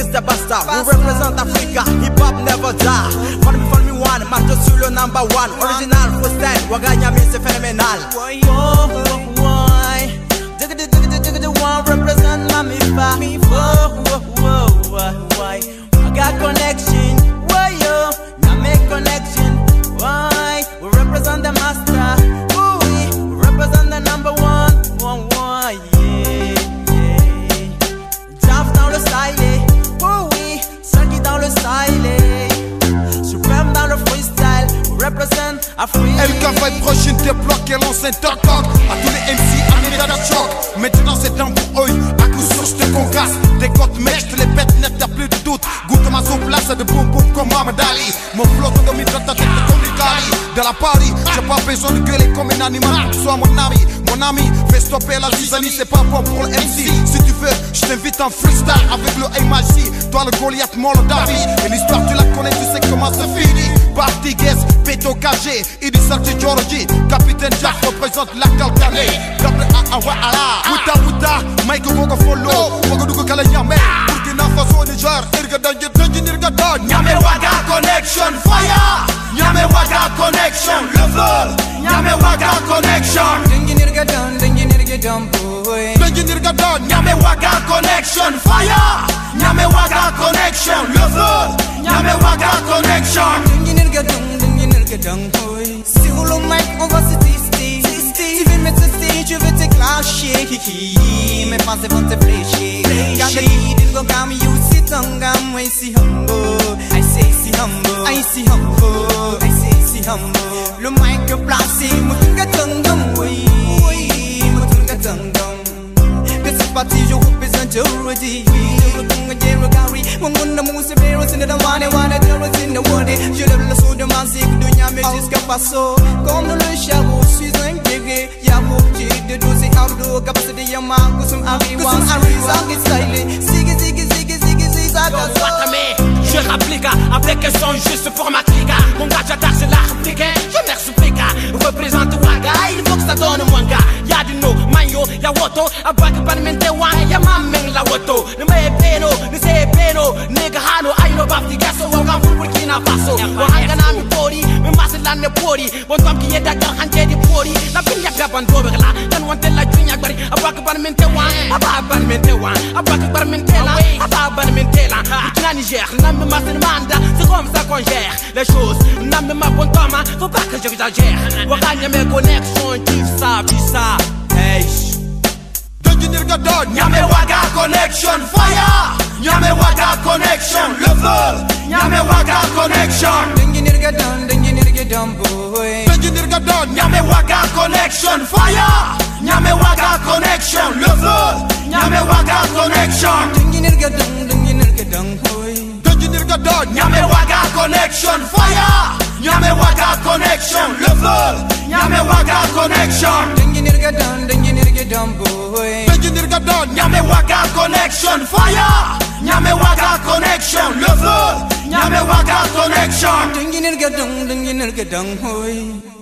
is the bastard. We represent Africa, hip hop never die. Follow me, follow me one, master Zulu number one. Original freestyle, Waganya means phenomenal. Why, oh, why? Digga, digga, digga, digga, one represent Mamifa. Me, whoa, whoa, whoa. Elle 5 prochaine déploie qu'elle lance un talk A tous les MC en état choc Maintenant c'est un bon oeil à coup sûr je te concasse Des côtes mèches, je les pète net, plus de doute Goûte ma soupe c'est de boum boum comme Mohamed Ali Mon flot comme il ta tête comme du carie De la Paris, j'ai pas besoin de gueuler comme un animal Sois mon ami, mon ami, fais stopper la zizanie C'est pas bon pour le MC, si tu veux, je t'invite en freestyle Avec le MIC, toi le Goliath, moi le Et l'histoire tu la connais, tu sais comment ça finit Partigues, Beto Cagé, Idisanti Georgie, Capitaine Jack représente la Calcaré. Gabriel Awa Ala, Wuta Wuta, Mike Woko Follow, Wagadugo Kalanyame, Burkina Faso, Niger, Irga Danje, Danje, Irga Don Nyame Waga Connection, Fire! Nyame Waga Connection, Le Vol! Nyame Waga Connection! Danje, Irga Don, Danje, Irga Don, Boy! Danje, Irga Don, Nyame Waga Connection, Fire! Nyame waga connection, yo le Nyame waga connection Sur le mic, on va se tester Tu veux me tester, je veux te clasher Mes pensées vont te fléchir Gami, dingo, gami, you si tonga Moi, si humble I say si humble I si humble I say si humble Le mic, placé, moutunga tongam Oui, moutunga tongam Que c'est parti, je roule je Je le de Je Comme le je suis un de Je Je avec un son juste pour ma Mon je la Je représente Waga Il faut que ça donne moins gars Y'a du moto ni maye peno ni seye peno nigga bafti gaso burkina faso na mi pori ne pori bon tam ki di pori na bin do la tan la min te wan min te wan min te min te niger mi manda les choses mi ma bon tama j'exagère tu Hey, you Nyame waga kone connection Fire Nyamewaga connection Le feu Nyamewaga connection Dengi nirga don Dengi nirga don boy Dengi nirga don Nyamewaga connection Fire Nyamewaga connection Le feu Nyamewaga connection Dengi nirga don Dengi nirga don boy Dengi nirga don Nyamewaga connection Fire Nyamewaga connection Le feu Nyamewaga connection Dengi nirga don Dengi nirga don boy Dengi nirga don Nyamewaga Connection Fire Nyame Waga Connection Le feu Nyame Waga Connection Ding ding ding ding ding ding ding